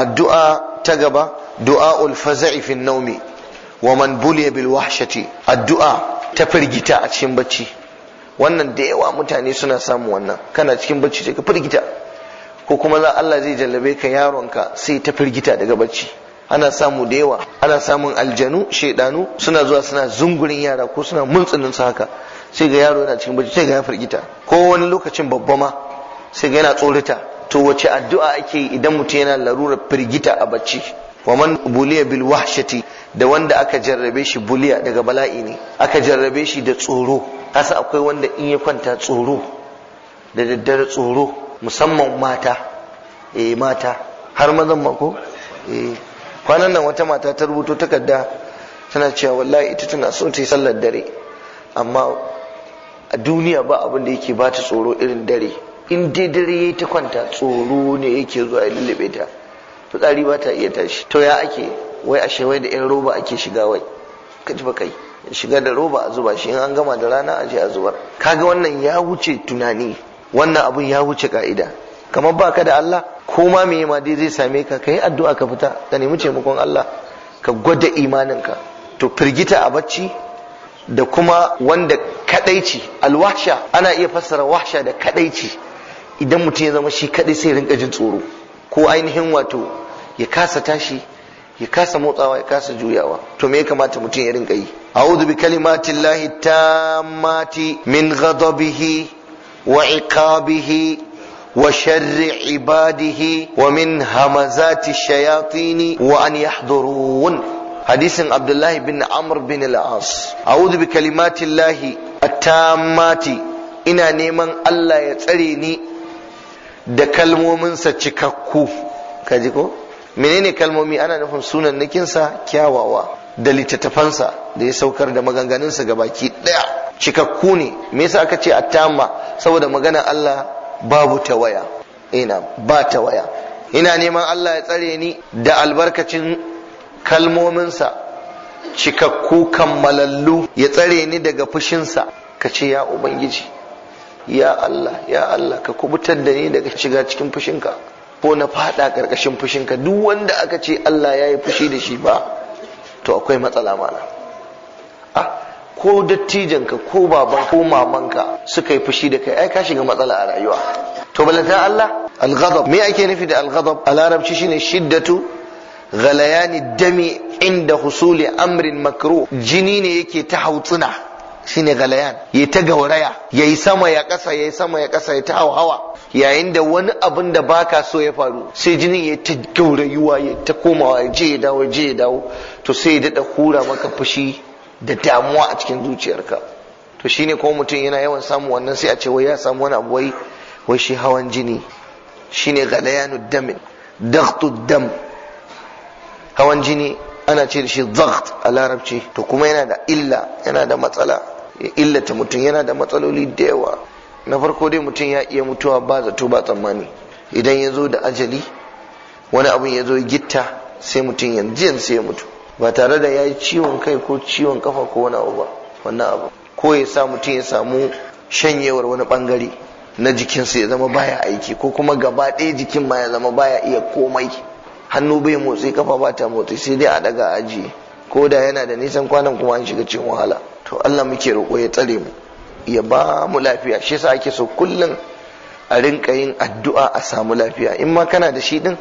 addu'a ta gaba du'a faza'i fi naumi wa man buliya bil wahshati addu'a ta firgita a cikin bacci wannan da yawa mutane suna samu wannan kana cikin bacci sai ka firgita ko kuma za Allah zai jallabe ka yaronka sai ta firgita daga bacci ana samu da yawa ana samun aljanu shaidanu suna zuwa suna zungurin yara ko suna muntsinin su haka sai ga yaro yana cikin bacci sai ga ya firgita ko wani lokacin babba ma sai ga yana tsorata. to wace addu'a ake yi idan mutum yana larurar firgita a bacci wa man buliya bil wahshati da wanda aka jarrabe shi buliya daga bala'i ne aka jarrabe shi da tsoro kasa akwai wanda in ya kwanta tsoro da daddare tsoro musamman mata eh mata har mazan mako eh kwanan nan wata mata ta rubuto takarda tana cewa wallahi ita tana so ta yi sallar dare amma a duniya ba abin da yake ba ta tsoro irin dare in dai dare yi ta kwanta tsoro ne yake zuwa ya lullube ta fitsari ba ta iya tashi to ya ake wai ashe wai da yan roba ake shiga wai ka ji kai shiga da roba a zuba shi in an gama da rana a je a zubar kaga wannan ya wuce tunani wannan abun ya wuce ka'ida kamar ba ka da Allah ko ma me ma dai zai same ka Ka yi addu'a ka fita ka nemi taimakon Allah ka gwada imaninka to firgita a bacci da kuma wanda kadaici alwahsha ana iya fassara wahsha da kadaici idan mutum ya zama shi kadai sai rinka jin tsoro ko ainihin wato ya kasa tashi ya kasa motsawa ya kasa juyawa to me ya kamata mutum ya rinka yi a'udhu bi kalimati llahi tammati min ghadabihi wa iqabihi wa sharri ibadihi wa min hamazati shayatini wa an yahdurun hadisin abdullahi bin amr bin al-as a'udhu bi kalimati llahi at-tammati ina neman Allah ya tsare ni da kalmominsa cikakku kaji ko menene kalmomi ana nufin sunan nikinsa kyawawa da littattafansa da ya saukar da maganganunsa ga baki daya cikakku ne me yasa aka ce attama saboda magana Allah babu ta waya? ina eh, ba ta waya. ina neman Allah ya tsare ni da albarkacin kalmominsa cikakku kammalallu ya tsare ni daga fushinsa ka ce ya ubangiji ya Allah ya Allah ka kubutar da ni daga shiga cikin fushinka ko na fada karkashin fushinka duk wanda aka ce Allah ya yi fushi da shi ba to akwai matsala mana ah ko dattijanka ko baban ko mamanka suka yi fushi da kai ai ka shiga matsala a rayuwa to balanta Allah al-ghadab me ake nufi da al-ghadab a larabci shine shiddatu ghalayani dami inda husuli amrin makruh jini ne yake ta hautsina shine galayan yayi ta gauraya yayi sama ya kasa yayi sama ya kasa ya ta hawa yayin da wani abin da baka so ya faru sai jinin ya ta gaurayuwa ya ta komawa ya je ya dawo je ya dawo to sai ya dada hura maka fushi da damuwa a cikin zuciyarka to shine ko mutum yana yawan samu wannan sai a ce wai ya samu wani abu wai wai shi hawan jini shine galayanu damin dam hawan jini ana ce da shi zagt a larabci to kuma yana da illa yana da matsala ya illata mutum yana da matsaloli da yawa na farko dai mutum ya iya mutuwa ba zato ba tsammani idan ya zo da ajali wani abin ya zo gitta sai mutum yanzu yanzu ya mutu ba tare da ya yi ciwon kai ko ciwon kafa ko wani abu ba wannan abu ko ya sa mutum ya samu shanyewar wani bangare na jikinsu ya zama baya aiki ko kuma gaba ɗaya jikin ma ya zama baya iya komai hannu bai motsi kafa ba ta motsi sai dai a daga aji ko da yana da nisan kwanan kuma an shiga cikin wahala to Allah muke roƙo ya tsare mu ya ba mu lafiya shi yasa ake so kullum a rinka yin addu'a a samu lafiya in ma kana da shi din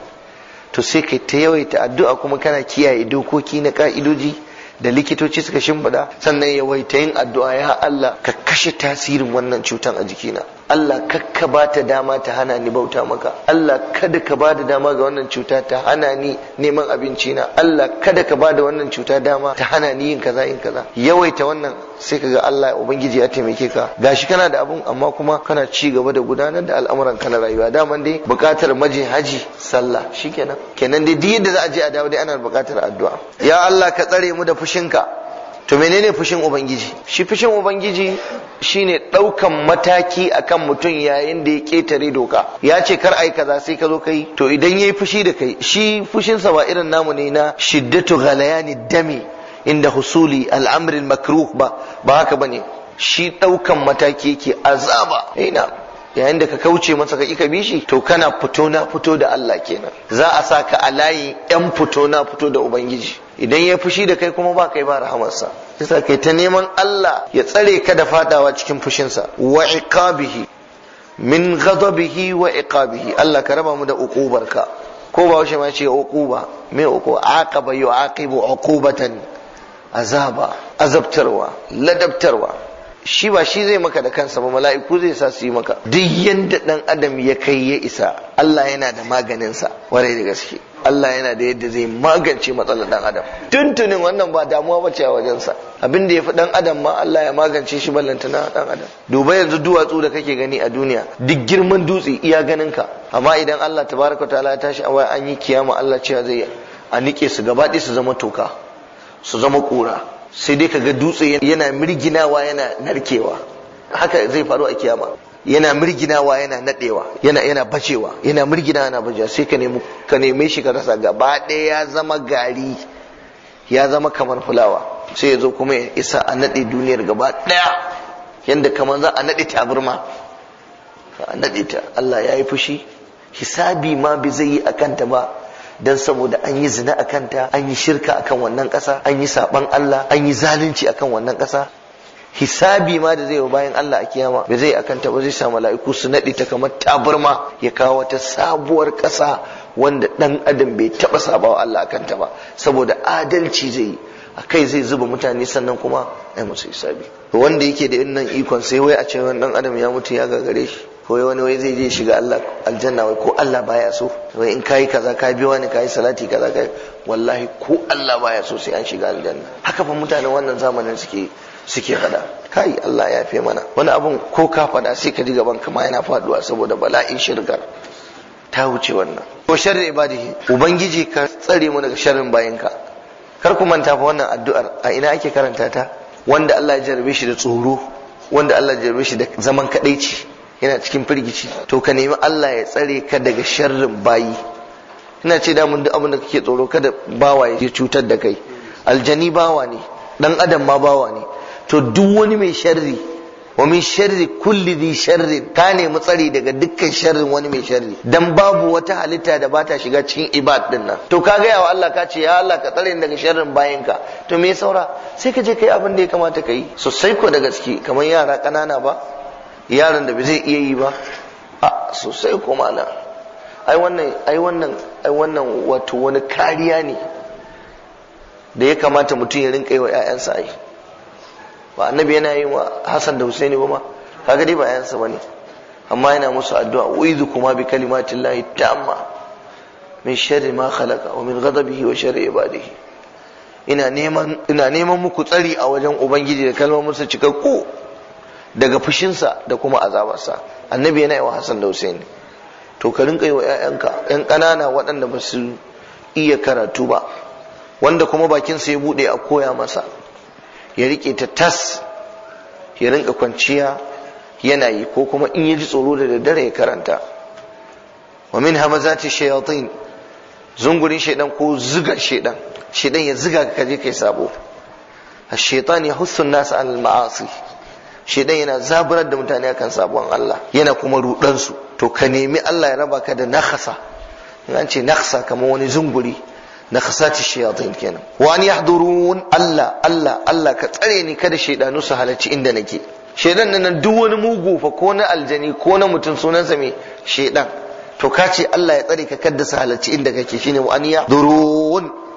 to sai kai ta yawaita addu'a kuma kana kiyaye dokoki na ka'idoji da likitoci suka shimfiɗa sannan yawaita yin addu'a ya Allah ka kashe tasirin wannan cutan a jikina Allah kakka ba ta dama ta hana ni bauta maka Allah kada ka ba da dama ga wannan cuta ta hana ni neman abinci na Allah kada ka ba da wannan cuta dama ta hana ni yin kaza yin kaza yawaita wannan sai ga Allah ubangiji ya taimake ka gashi kana da abun amma kuma kana ci gaba da gudanar da al'amuran kana na rayuwa dama dai bukatar maji haji sallah shikenan kenan dai duk yadda za a je a dawo dai ana bukatar addu'a ya Allah ka tsare mu da fushinka to menene fushin ubangiji shi fushin ubangiji shine daukan mataki akan mutum yayin da ya ketare doka ya ce kar ai kaza sai ka zo kai to idan yayi fushi da kai shi fushinsa ba irin namu ne na shiddatu ghalayani dami inda husuli al'amarin al-makruh ba ba haka bane shi daukan mataki yake azaba ina yayin da ka kauce masa ka bi bishi to kana fito na fito da Allah kenan za a sa ka a layi yan fito na fito da ubangiji idan ya fushi da kai kuma ba kai ba rahamarsa yasa kai ta neman Allah ya tsare ka da fadawa cikin fushinsa wa iqabihi min ghadabihi wa iqabihi Allah ka raba mu da uqubarka ko ba washe ma ce uquba me uku aqaba yu'aqibu uqubatan azaba azabtarwa ladabtarwa shi ba shi zai maka da kansa ba mala'iku zai sa su yi maka duk yanda dan adam ya kai ya isa Allah yana da maganinsa warai da gaske Allah yana da yadda zai magance matsalar dan adam tuntunin wannan ba damuwa bace a wajensa abin da ya fi dan adam ma Allah ya magance shi ballantana dan adam duba yanzu duwatsu da kake gani a duniya duk girman dutse iya ganin ka amma idan Allah tabaraka taala ya tashi a an yi kiyama Allah cewa zai a nike su gaba ɗaya su zama toka su zama kura sai dai kaga dutse yana mirginawa yana narkewa haka zai faru a kiyama yana mirginawa yana nadewa yana yana bacewa yana mirginawa, yana bacewa sai ka nemi ka neme shi ka rasa gaba ɗaya ya zama gari ya zama kamar fulawa sai ya zo kuma ya isa a nade duniyar gaba ɗaya yanda kamar za a nade taburma a nade ta Allah ya yi fushi hisabi ma bi zai yi a kanta ba dan saboda an yi zina a kanta an yi shirka akan wannan ƙasa an yi saɓan Allah an yi zalunci akan wannan ƙasa hisabi ma da zai wa bayan Allah a kiyama ba zai akan ta ba zai sa mala'iku su nade ta kamar tabarma ya kawo wata sabuwar ƙasa wanda dan adam bai taba sabawa Allah akan ta ba saboda adalci zai yi a kai zai zuba mutane sannan kuma ai musu hisabi wanda yake da innan ikon sai wai a ce wani dan adam ya mutu ya gagare shi ko wani wai zai je shiga Allah aljanna wai ko Allah baya so wai in kai kaza ka bi wani kai salati kaza kai wallahi ko Allah baya so sai an shiga aljanna haka fa mutanen wannan zamanin suke suke faɗa kai Allah ya fi mana wani abun ko ka faɗa sai ka ji gaban kama yana faɗuwa saboda bala'in shirgar ta wuce wannan ko sharri ibadihi ubangiji ka tsare mu daga sharrin bayinka kar ku manta fa wannan addu'ar a ina ake karanta ta wanda Allah ya jarbe shi da tsoro wanda Allah ya jarbe shi da zaman kadaici yana cikin firgici to ka nemi Allah ya tsare ka daga sharrin bayi ina ce da mun duk abin da kake tsoro kada bawa ya cutar da kai aljani bawa ne dan adam ma bawa ne to duk wani mai sharri wa min sharri kulli dhi sharri ka nemi tsari daga dukkan sharrin wani mai sharri dan babu wata halitta da bata shiga cikin ibad din nan to ka gaya wa Allah ka ce ya Allah ka tsare daga sharrin bayinka to me saura sai ka je kai abin da ya kamata ka yi sosai ko da gaske kamar yara kanana ba yaran da ba zai iya yi ba a sosai ko mana ai wannan ai wannan ai wannan wato wani kariya ne da ya kamata mutum ya rinka yi wa 'ya'yansa ai ba annabi yana yi wa hasan da Husaini ba ma kaga dai ba yansa bane amma yana musu addu'a izu kuma bi kalimatillahi tamma min sharri ma khalaqa wa min ghadabihi wa sharri ibadihi ina neman ina neman muku tsari a wajen ubangiji da kalmominsa cikakku daga fushinsa da kuma azabarsa annabi yana yi wa hasan da Husaini to ka rinka yi wa 'ya'yanka 'yan ƙanana waɗanda ba su iya karatu ba wanda kuma bakinsa ya buɗe a koya masa ya rike ta tas ya rinka kwanciya yana yi ko kuma in ya ji tsoro da daddare ya karanta wa min hamazati shayatin zungurin shaidan ko zuga shaidan shaidan ya zuga ka je kai sabo shaitan ya an-nas al ma'asi shaidan yana zaburar da mutane akan sabon Allah yana kuma rudan su to ka nemi Allah ya raba ka da nakhasa in an ce nakhasa kamar wani zunguri na khasati shayatin kenan wa yahdurun Allah Allah Allah ka tsare ni kada shaidanu su halarci inda nake shaidan nan duk wani mugu fa ko na aljani ko na mutum sunansa mai shaidan to ka ce Allah ya tsare ka kada su halarci inda kake shine wa yahdurun